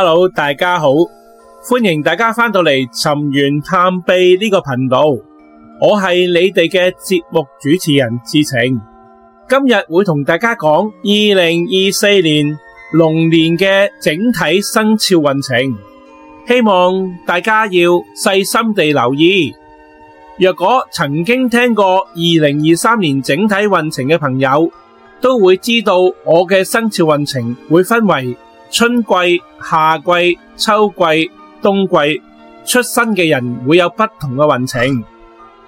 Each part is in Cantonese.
Hello，大家好，歡迎大家翻到嚟尋源探秘呢、這個頻道，我係你哋嘅節目主持人智澄，今日會同大家講二零二四年龍年嘅整體生肖運程，希望大家要細心地留意。若果曾經聽過二零二三年整體運程嘅朋友，都會知道我嘅生肖運程會分為，春季、夏季、秋季、冬季出生嘅人會有不同嘅運程，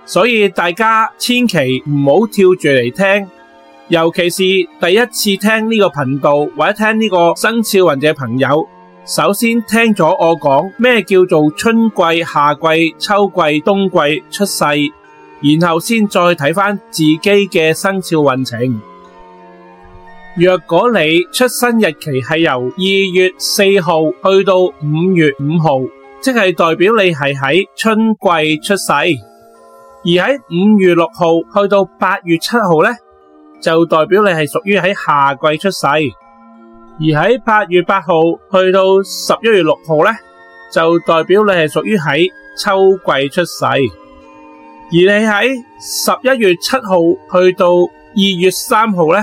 所以大家千祈唔好跳住嚟聽，尤其是第一次聽呢個頻道或者聽呢個生肖運嘅朋友，首先聽咗我講咩叫做春季、夏季、秋季、冬季出世，然後先再睇返自己嘅生肖運程。若果你出生日期係由二月四號去到五月五號，即係代表你係喺春季出世；而喺五月六號去到八月七號咧，就代表你係屬於喺夏季出世；而喺八月八號去到十一月六號咧，就代表你係屬於喺秋季出世；而你喺十一月七號去到二月三號咧。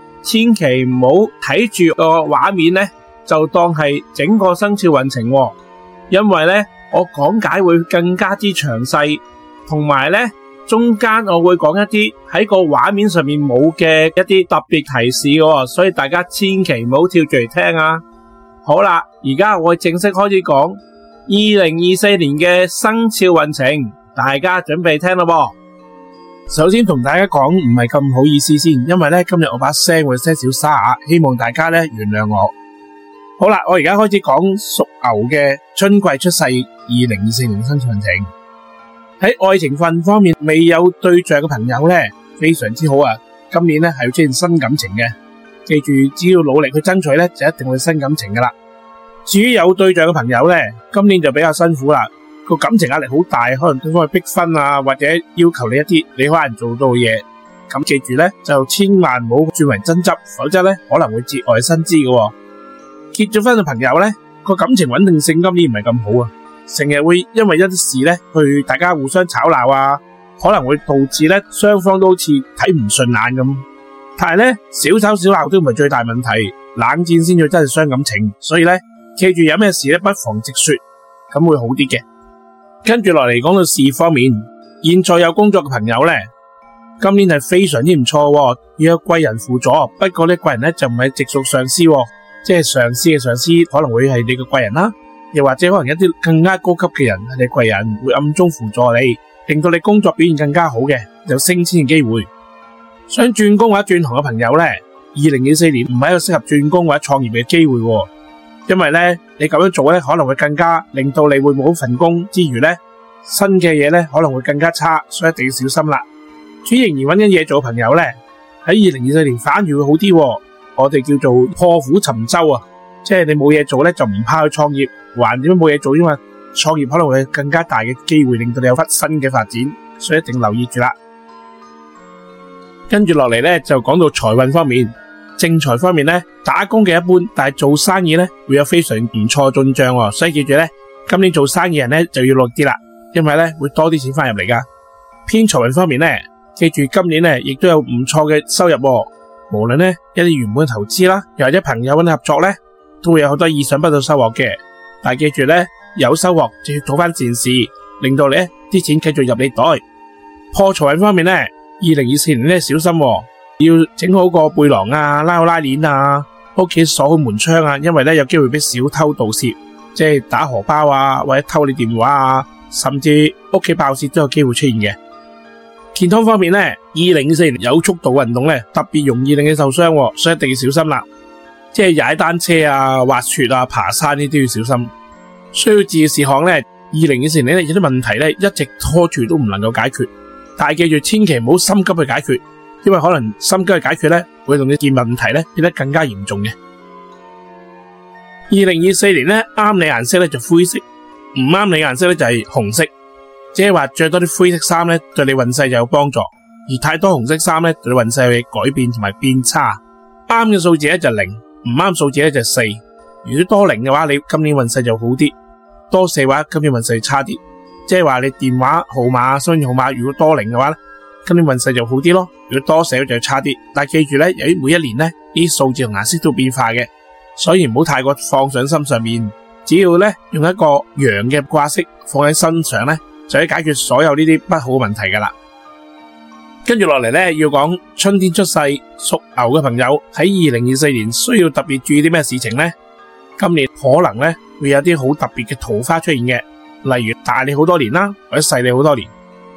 千祈唔好睇住個畫面咧，就當係整個生肖運程，因為咧我講解會更加之詳細，同埋咧中間我會講一啲喺個畫面上面冇嘅一啲特別提示嘅，所以大家千祈唔好跳住嚟聽啊！好啦，而家我正式開始講二零二四年嘅生肖運程，大家準備聽咯噃。首先同大家講唔係咁好意思先，因為今日我把聲會些少沙啞，希望大家呢原諒我。好啦，我而家開始講屬牛嘅春季出世，二零二四年新戀情。喺愛情份方面，未有對象嘅朋友呢，非常之好啊，今年呢，係要出現新感情嘅。記住，只要努力去爭取呢，就一定會新感情噶啦。至於有對象嘅朋友呢，今年就比較辛苦啦。個感情壓力好大，可能對方會逼婚啊，或者要求你一啲你可能做唔到嘅嘢。咁記住咧，就千萬唔好轉為爭執，否則咧可能會節外生枝嘅喎。結咗婚嘅朋友咧，個感情穩定性今年唔係咁好啊，成日會因為一啲事咧去大家互相吵鬧啊，可能會導致咧雙方都好似睇唔順眼咁。但係咧，小吵小鬧都唔係最大問題，冷戰先至真係傷感情。所以咧，記住有咩事咧，不妨直說，咁會好啲嘅。跟住落嚟講到事業方面，現在有工作嘅朋友呢，今年係非常之唔錯喎，要有貴人輔助。不過呢貴人咧就唔係直屬上司，即係上司嘅上司可能會係你嘅貴人啦，又或者可能一啲更加高級嘅人係你貴人，會暗中輔助你，令到你工作表現更加好嘅，有升遷嘅機會。想轉工或者轉行嘅朋友呢，二零二四年唔係一個適合轉工或者創業嘅機會喎。因為咧，你咁樣做咧，可能會更加令到你會冇份工之餘咧，新嘅嘢咧可能會更加差，所以一定要小心啦。至於仍然揾緊嘢做嘅朋友咧，喺二零二四年反而會好啲喎。我哋叫做破釜沉舟啊，即係你冇嘢做咧就唔怕去創業，還點樣冇嘢做？因為創業可能會有更加大嘅機會，令到你有返新嘅發展，所以一定要留意住啦。跟住落嚟咧就講到財運方面。正財方面咧，打工嘅一般，但係做生意咧會有非常唔錯進賬哦，所以記住咧，今年做生意人咧就要落啲啦，因為咧會多啲錢翻入嚟噶偏財運方面咧，記住今年咧亦都有唔錯嘅收入哦，無論咧一啲原本的投資啦，又或者朋友搵你合作呢，都會有好多意想不到收穫嘅。但係記住咧，有收穫就要做翻善事，令到你咧啲錢繼續入你袋。破財運方面咧，二零二四年咧小心哦。要整好個背囊啊，拉好拉鏈啊，屋企鎖好門窗啊，因為咧有機會俾小偷盜竊，即係打荷包啊，或者偷你電話啊，甚至屋企爆竊都有機會出現嘅。健康方面咧，二零二四年有速度運動咧特別容易令你受傷，所以一定要小心啦。即係踩單車啊、滑雪啊、爬山呢、啊、都要小心。需要注意事項咧，二零二四年咧有啲問題咧一直拖住都唔能夠解決，但係記住千祈唔好心急去解決。因為可能心急嘅解決咧，會令啲舊問題咧變得更加嚴重嘅。二零二四年咧，啱你顏色咧就灰色，唔啱你嘅顏色咧就係紅色。即係話着多啲灰色衫咧，對你運勢就有幫助；而太多紅色衫咧，對你運勢會改變同埋變差。啱嘅數字咧就零，唔啱數字咧就四。如果多零嘅話，你今年運勢就好啲；多四嘅話，今年運勢差啲。即係話你電話號碼、商業號碼，如果多零嘅話咧。今年運勢就好啲咯，如果多寫就差啲。但係記住呢，由於每一年呢啲數字同顏色都會變化嘅，所以唔好太過放上心上面。只要呢，用一個陽嘅掛飾放喺身上呢，就可以解決所有呢啲不好的問題噶啦。跟住落嚟呢，要講春天出世屬牛嘅朋友喺二零二四年需要特別注意啲咩事情呢？今年可能呢，會有啲好特別嘅桃花出現嘅，例如大你好多年啦，或者細你好多年。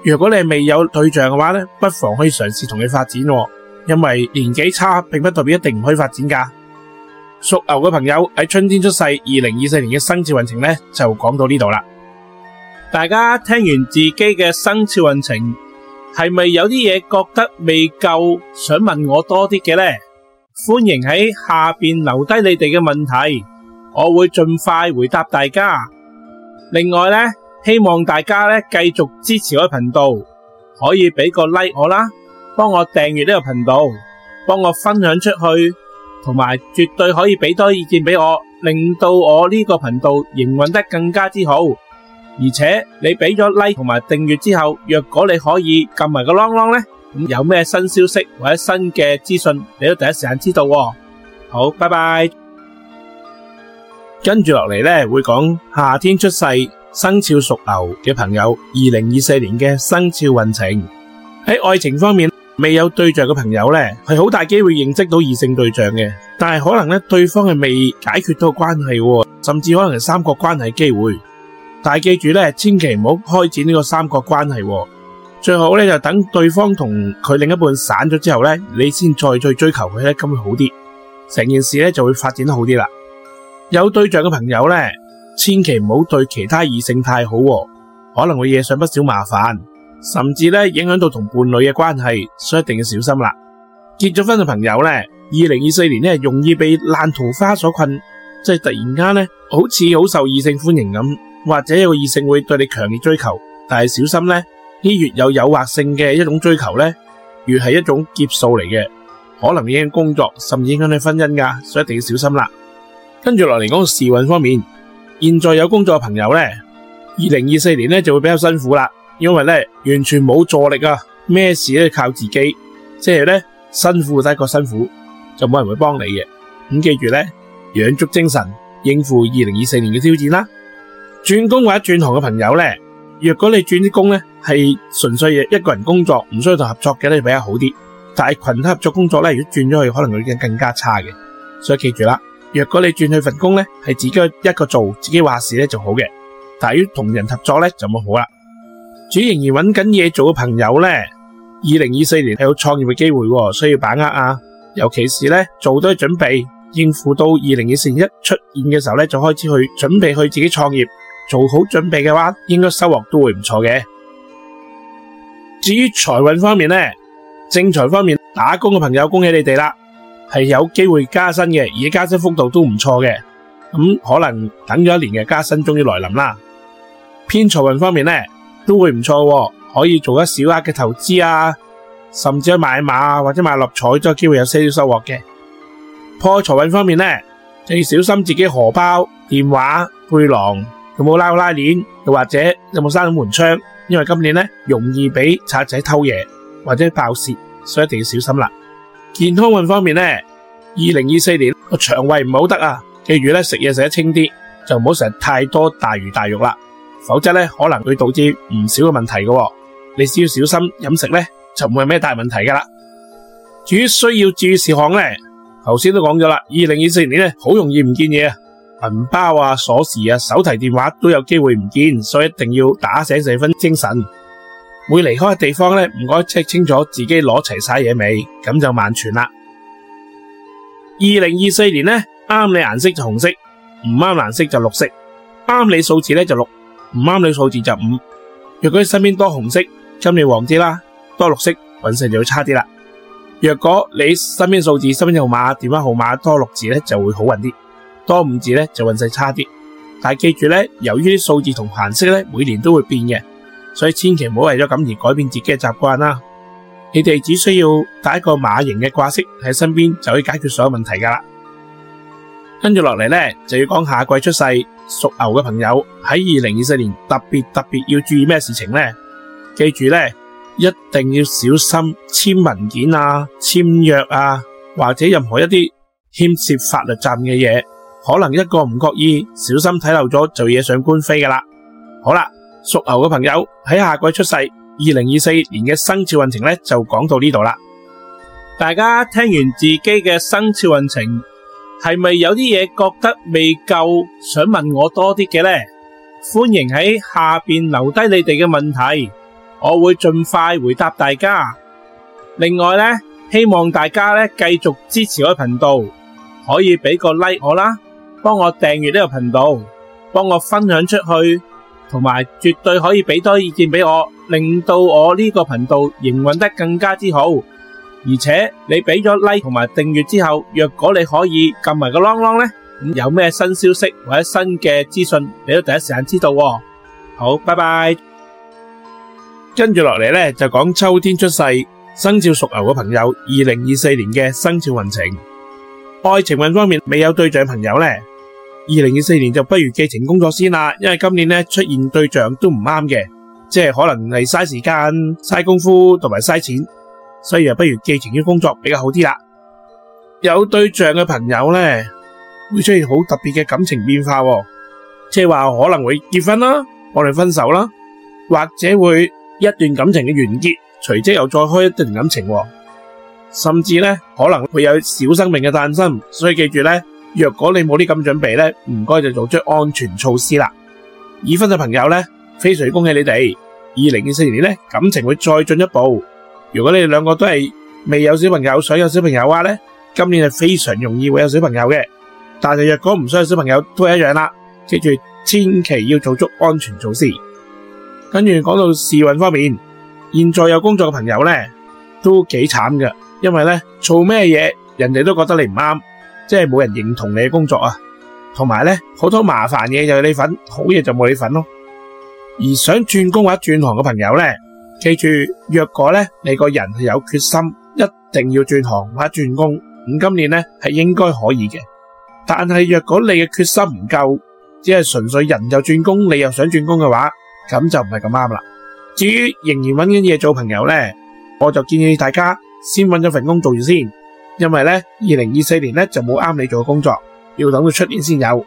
如果你係未有對象嘅話呢，不妨可以嘗試同佢發展啊，因為年紀差並不代表一定唔可以發展噶。屬牛嘅朋友喺春天出世，二零二四年嘅生肖運程呢就講到呢度啦。大家聽完自己嘅生肖運程，係咪有啲嘢覺得未夠，想問我多啲嘅呢？歡迎喺下面留低你哋嘅問題，我會盡快回答大家。另外呢。希望大家咧繼續支持我嘅頻道，可以俾個 like 我啦，幫我訂閱呢個頻道，幫我分享出去，同埋絕對可以俾多意見俾我，令到我呢個頻道營運得更加之好。而且你俾咗 like 同埋訂閱之後，若果你可以撳埋個 long long 咧，咁有咩新消息或者新嘅資訊，你都第一時間知道哦。好，拜拜。跟住落嚟咧會講夏天出世。生肖屬牛嘅朋友，二零二四年嘅生肖運程。喺愛情方面，未有對象嘅朋友呢，係好大機會認識到異性對象嘅，但係可能呢，對方係未解決到關係喎，甚至可能係三角關係機會。但係記住呢，千祈唔好開展呢個三角關係喎，最好呢，就等對方同佢另一半散咗之後呢，你先再去追求佢呢，咁會好啲，成件事呢，就會發展得好啲啦。有對象嘅朋友呢。千祈唔好對其他異性太好喎，可能會惹上不少麻煩，甚至咧影響到同伴侶嘅關係，所以一定要小心啦。結咗婚嘅朋友咧，二零二四年咧容易被爛桃花所困，即係突然間咧好似好受異性歡迎咁，或者有個異性會對你強烈追求，但係小心咧，呢越有誘惑性嘅一種追求咧，越係一種劫數嚟嘅，可能影響工作，甚至影響你婚姻噶，所以一定要小心啦。跟住落嚟講事運方面。現在有工作嘅朋友呢，二零二四年呢就會比較辛苦啦，因為呢完全冇助力啊，咩事都靠自己，即係咧辛苦都係一個辛苦，就冇人會幫你嘅。咁、嗯、記住呢，養足精神應付二零二四年嘅挑戰啦。轉工或者轉行嘅朋友呢，如果你轉啲工呢係純粹一個人工作，唔需要同合作嘅咧比較好啲，但係群合作工作呢，如果轉咗去，可能會更加差嘅，所以記住啦。若果你轉去份工呢，係自己一個做，自己話事呢就好嘅，但係要同人合作咧就冇好啦。至於仍然揾緊嘢做嘅朋友呢，二零二四年係有創業嘅機會，需要把握啊！尤其是呢做多啲準備，應付到二零二四年一出現嘅時候呢，就開始去準備去自己創業，做好準備嘅話，應該收穫都會唔錯嘅。至於財運方面呢，正財方面打工嘅朋友，恭喜你哋啦！係有機會加薪嘅，而且加薪幅度都唔錯嘅。咁、嗯、可能等咗一年嘅加薪終於來臨啦。偏財運方面呢，都會唔錯，可以做一些小額嘅投資啊，甚至去買馬或者買六合彩都有機會有些少收穫嘅。破財運方面呢，就要、是、小心自己荷包、電話、背囊有冇拉拉鏈，又或者有冇閂緊門窗，因為今年呢容易俾賊仔偷嘢或者爆竊，所以一定要小心啦。健康運方面呢，二零二四年個腸胃唔好得啊，記住咧食嘢食得清啲，就唔好食太多大魚大肉啦，否則咧可能會導致唔少嘅問題嘅。你只要小心飲食咧，就唔會有咩大問題噶啦。至於需要注意事項呢，頭先都講咗啦，二零二四年咧好容易唔見嘢啊，銀包啊、鎖匙啊、手提電話都有機會唔見，所以一定要打醒十二分精神。會離開嘅地方呢，唔該 check 清楚自己攞齊晒嘢未？咁就萬全啦。二零二四年呢，啱你顏色就紅色，唔啱顏色就綠色。啱你數字呢就六，唔啱你數字就五。若果你身邊多紅色，今年旺啲啦；多綠色，運勢就會差啲啦。若果你身邊數字、身邊嘅號碼、電話號碼多六字呢，就會好運啲；多五字呢，就運勢差啲。但係記住呢，由於啲數字同顏色呢，每年都會變嘅。所以千祈唔好為咗咁而改變自己嘅習慣啦。你哋只需要帶一個馬型嘅掛飾喺身邊，就可以解決所有問題噶啦。跟住落嚟呢，就要講夏季出世屬牛嘅朋友喺二零二四年特別特別要注意咩事情呢？記住呢，一定要小心簽文件啊、簽約啊，或者任何一啲牽涉法律責任嘅嘢，可能一個唔覺意，小心睇漏咗就惹上官非噶啦。好啦。屬牛嘅朋友喺夏季出世，二零二四年嘅生肖運程咧就講到呢度啦。大家聽完自己嘅生肖運程，係咪有啲嘢覺得未夠，想問我多啲嘅咧？歡迎喺下邊留低你哋嘅問題，我會盡快回答大家。另外咧，希望大家咧繼續支持我嘅頻道，可以俾個 like 我啦，幫我訂閱呢個頻道，幫我分享出去。同埋絕對可以俾多意見俾我，令到我呢個頻道營運得更加之好。而且你俾咗 like 同埋訂閱之後，若果你可以撳埋個啷啷咧，有咩新消息或者新嘅資訊，你都第一時間知道喎。好，拜拜。跟住落嚟咧，就講秋天出世生肖屬牛嘅朋友，二零二四年嘅生肖運程，愛情運方面未有對象朋友咧。二零二四年就不如寄情工作先啦，因為今年咧出現對象都唔啱嘅，即係可能係嘥時間、嘥功夫同埋嘥錢，所以啊不如寄情嘅工作比較好啲啦。有對象嘅朋友咧會出現好特別嘅感情變化喎，即係話可能會結婚啦、我哋分手啦，或者會一段感情嘅完結，隨即又再開一段感情喎，甚至咧可能會有小生命嘅誕生，所以記住咧。若果你冇啲咁準備咧，唔該就做足安全措施啦。已婚嘅朋友咧，非常恭喜你哋，二零二四年咧感情會再進一步。如果你哋兩個都係未有小朋友，想有小朋友嘅話咧，今年係非常容易會有小朋友嘅。但係若果唔想有小朋友都係一樣啦，記住千祈要做足安全措施。跟住講到事運方面，現在有工作嘅朋友咧都幾慘㗎，因為咧做咩嘢人哋都覺得你唔啱。即係冇人認同你嘅工作啊，同埋咧好多麻煩嘢就有你份，好嘢就冇你份咯。而想轉工或者轉行嘅朋友咧，記住若果咧你個人係有決心，一定要轉行或者轉工，咁今年咧係應該可以嘅。但係若果你嘅決心唔夠，只係純粹人就轉工，你又想轉工嘅話，咁就唔係咁啱啦。至於仍然揾緊嘢做朋友咧，我就建議大家先揾咗份工做住先。因為咧，二零二四年咧就冇啱你做嘅工作，要等到出年先有，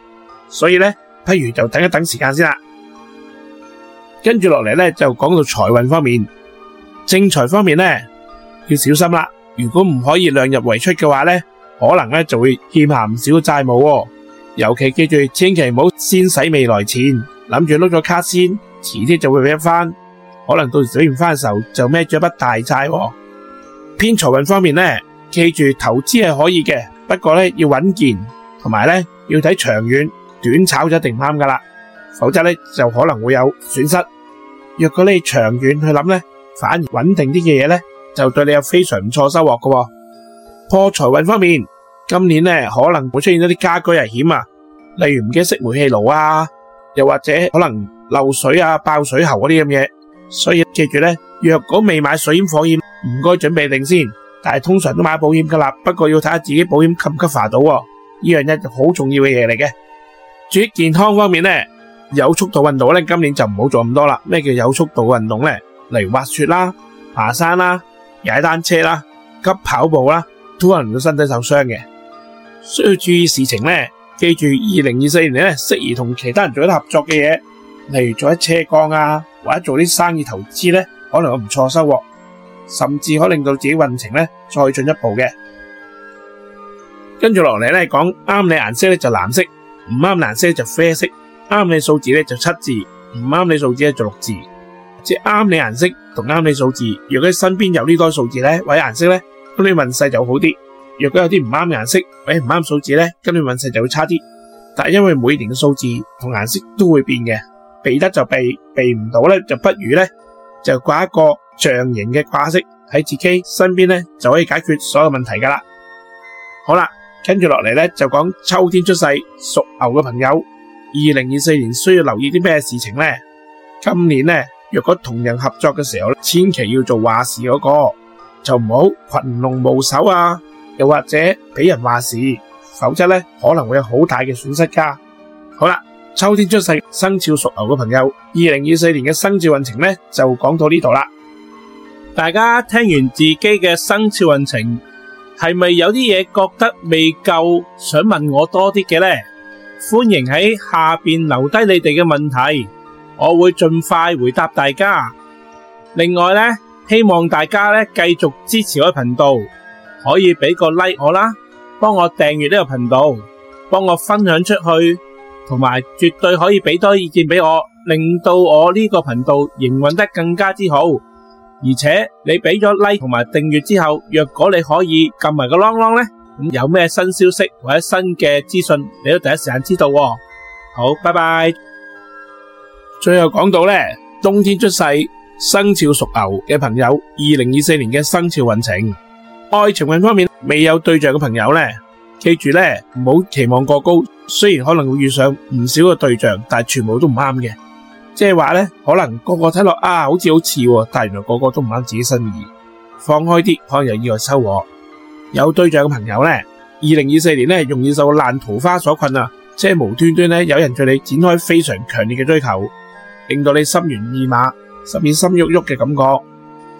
所以咧，不如就等一等時間先啦。跟住落嚟咧，就講到財運方面，正財方面咧要小心啦。如果唔可以量入為出嘅話咧，可能咧就會欠下唔少債務喎。尤其記住，千祈唔好先使未來錢，諗住碌咗卡先，遲啲就會畀翻，可能到時使唔返嘅時候，就孭咗一筆大債喎。偏財運方面咧。記住投資係可以嘅，不過咧，要穩健，同埋咧要睇長遠，短炒就一定唔啱噶啦，否則咧就可能會有損失。若果你係長遠去諗咧，反而穩定啲嘅嘢咧就對你有非常唔錯收穫噶。破財運方面，今年咧可能會出現一啲家居危險啊，例如唔記得熄煤氣爐啊，又或者可能漏水啊、爆水喉嗰啲咁嘢，所以記住咧，若果未買水煙火煙，唔該準備定先。但係通常都買保險噶啦，不過要睇下自己保險吸唔吸罰到，呢樣一就好重要嘅嘢嚟嘅。至於健康方面呢，有速度運動呢，今年就唔好做咁多啦。咩叫有速度運動呢？例如滑雪啦、爬山啦、踩單車啦、急跑步啦，都可能會身體受傷嘅。需要注意事情呢，記住二零二四年呢，適宜同其他人做一啲合作嘅嘢，例如做一啲車杠啊，或者做啲生意投資呢，可能有唔錯收穫。甚至可令到自己運程咧再進一步嘅。跟住落嚟咧，講啱你顏色咧就藍色，唔啱顏色咧就啡色，啱你數字咧就七字，唔啱你數字咧就六字。即係啱你顏色同啱你數字，若果身邊有呢多數字咧，位顏色咧，咁你運勢就好啲；若果有啲唔啱顏色或者，位唔啱數字咧，咁你運勢就會差啲。但係因為每年嘅數字同顏色都會變嘅，避得就避，避唔到咧就不如咧就掛一個象形嘅掛飾喺自己身邊呢，就可以解決所有問題噶啦。好啦，跟住落嚟呢，就講秋天出世屬牛嘅朋友，二零二四年需要留意啲咩事情呢？今年呢，如果同人合作嘅時候千祈要做話事嗰個，就唔好群龍無首啊。又或者俾人話事，否則呢可能會有好大嘅損失噶。好啦，秋天出世生肖屬牛嘅朋友，二零二四年嘅生肖運程呢，就講到呢度啦。大家聽完自己嘅生肖運程，係咪有啲嘢覺得未夠？想問我多啲嘅呢，歡迎喺下面留低你哋嘅問題，我會盡快回答大家。另外呢，希望大家咧繼續支持我嘅頻道，可以俾個 like 我啦，幫我訂閱呢個頻道，幫我分享出去，同埋絕對可以俾多意見俾我，令到我呢個頻道營運得更加之好。而且你俾咗 like 同埋訂閱之後，若果你可以撳埋個啷啷咧，咁有咩新消息或者新嘅資訊，你都第一時間知道喎。好，拜拜。最後講到咧，冬天出世、生肖屬牛嘅朋友，二零二四年嘅生肖運程，愛情運方面未有對象嘅朋友呢，記住呢，唔好期望過高，雖然可能會遇上唔少嘅對象，但全部都唔啱嘅。即係話咧，可能個個睇落啊，好似好似，哦，但原來個個都唔啱自己心意。放開啲，可能有意外收穫。有對象嘅朋友咧，二零二四年咧容易受到爛桃花所困啊！即係無端端咧有人對你展開非常強烈嘅追求，令到你心猿意馬，甚至心喐喐嘅感覺。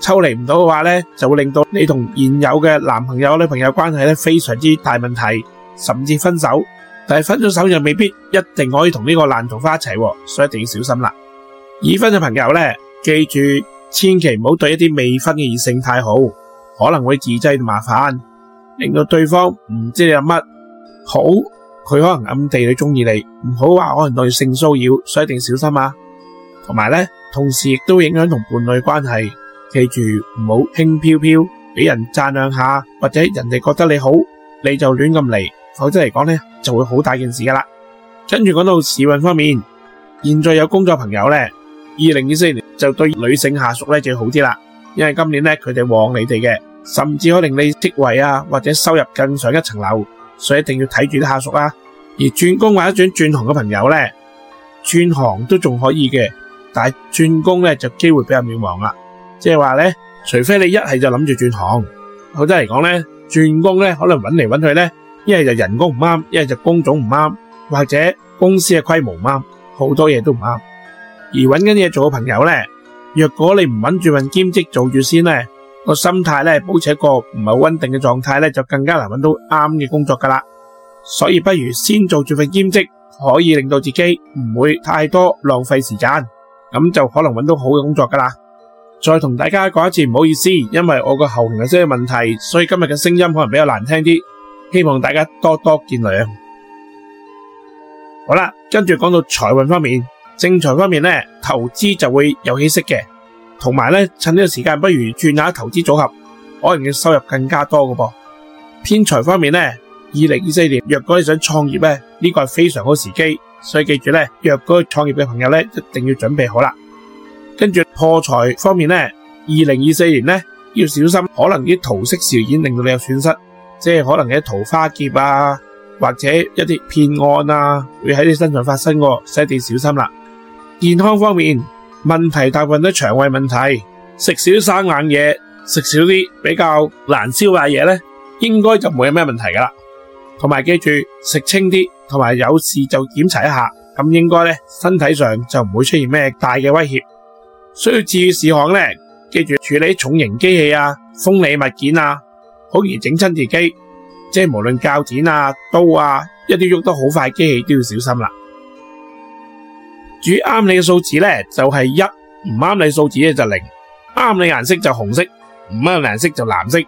抽離唔到嘅話咧，就會令到你同現有嘅男朋友女朋友關係咧非常之大問題，甚至分手。但係分咗手又未必一定可以同呢個爛桃花一齊，哦，所以一定要小心啦。已婚嘅朋友咧，記住千祈唔好對一啲未婚嘅異性太好，可能會自製麻煩，令到對方唔知道你有乜好，佢可能暗地裏中意你，唔好話可能對性騷擾，所以一定要小心啊！同埋咧，同時亦都影響同伴侶關係，記住唔好輕飄飄俾人讚兩下，或者人哋覺得你好，你就亂咁嚟，否則嚟講咧就會好大件事㗎喇。跟住講到時運方面，現在有工作朋友咧。二零二四年就對女性下屬咧就好啲啦，因為今年呢，佢哋旺你哋嘅，甚至可令你職位啊或者收入更上一層樓，所以一定要睇住啲下屬啦啊。而轉工或者轉轉行嘅朋友呢，轉行都仲可以嘅，但係轉工咧就機會比較渺茫啦。即係話呢，除非你一係就諗住轉行，或者嚟講呢，轉工呢可能揾嚟揾去呢，一係就人工唔啱，一係就工種唔啱，或者公司嘅規模唔啱，好多嘢都唔啱。而揾緊嘢做嘅朋友呢，若果你唔穩住份兼職做住先咧，個心態保持一個唔係穩定嘅狀態咧，就更加難揾到啱嘅工作噶啦。所以不如先做住份兼職，可以令到自己唔會太多浪費時間，咁就可能揾到好嘅工作噶啦。再同大家講一次，唔好意思，因為我個喉嚨有啲問題，所以今日嘅聲音可能比較難聽啲，希望大家多多見諒。好啦，跟住講到財運方面。正財方面呢，投資就會有起色嘅，同埋呢，趁呢個時間，不如轉下投資組合，可能要收入更加多嘅噃。偏財方面呢，二零二四年，若果你想創業呢，呢個係非常好時機，所以記住呢，若果創業嘅朋友呢，一定要準備好啦。跟住破財方面呢，二零二四年呢，要小心，可能啲桃色事件令到你有損失，即係可能一啲桃花劫啊，或者一啲騙案啊，會喺你身上發生嘅，所以要小心啦。健康方面問題，大部分都腸胃問題，食少啲生冷嘢，食少啲比較難消化嘢咧，應該就冇有咩問題噶啦。同埋記住食清啲，同埋有，有事就檢查一下，咁應該咧身體上就唔會出現咩大嘅威脅。需要注意事項咧，記住處理重型機器啊、鋒利物件啊，好易整親自己，即係無論鉸剪啊、刀啊，一啲喐得好快機器都要小心啦。煮啱你嘅數字咧，就係一，唔啱你數字咧就零，啱你顏色就紅色，唔啱你顏色就藍色。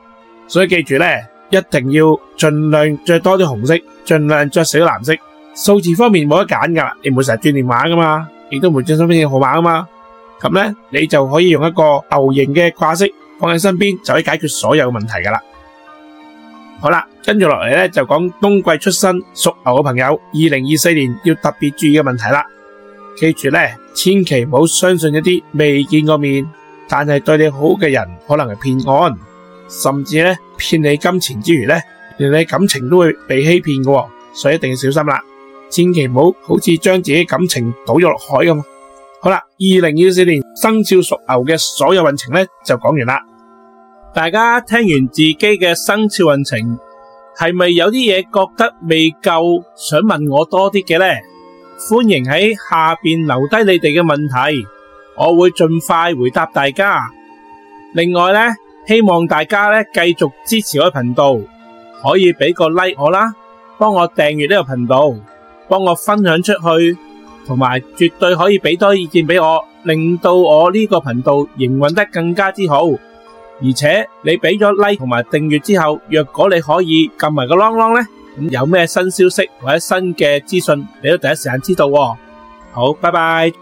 所以記住咧，一定要盡量着多啲紅色，盡量着少啲藍色。數字方面冇得揀噶，你唔會成日轉電話噶嘛，亦都唔會轉身邊嘅號碼啊嘛。咁咧，你就可以用一個牛形嘅掛飾放喺身邊，就可以解決所有問題噶啦。好啦，跟住落嚟咧就講冬季出生屬牛嘅朋友，二零二四年要特別注意嘅問題啦。記住咧，千祈唔好相信一啲未見過面但係對你好嘅人，可能係騙案，甚至咧騙你金錢之餘咧，連你感情都會被欺騙嘅，所以一定要小心啦，千祈唔好好似將自己感情倒咗落海咁。好啦，二零二四年生肖屬牛嘅所有運程咧就講完啦，大家聽完自己嘅生肖運程，係咪有啲嘢覺得未夠，想問我多啲嘅咧？歡迎喺下邊留低你哋嘅問題，我會盡快回答大家。另外咧，希望大家咧繼續支持我嘅頻道，可以俾個 like 我啦，幫我訂閱呢個頻道，幫我分享出去，同埋絕對可以俾多意見俾我，令到我呢個頻道營運得更加之好。而且你俾咗 like 同埋訂閱之後，若果你可以撳埋個啷啷咧。咁有咩新消息或者新嘅資訊，你都第一時間知道哦。好，拜拜。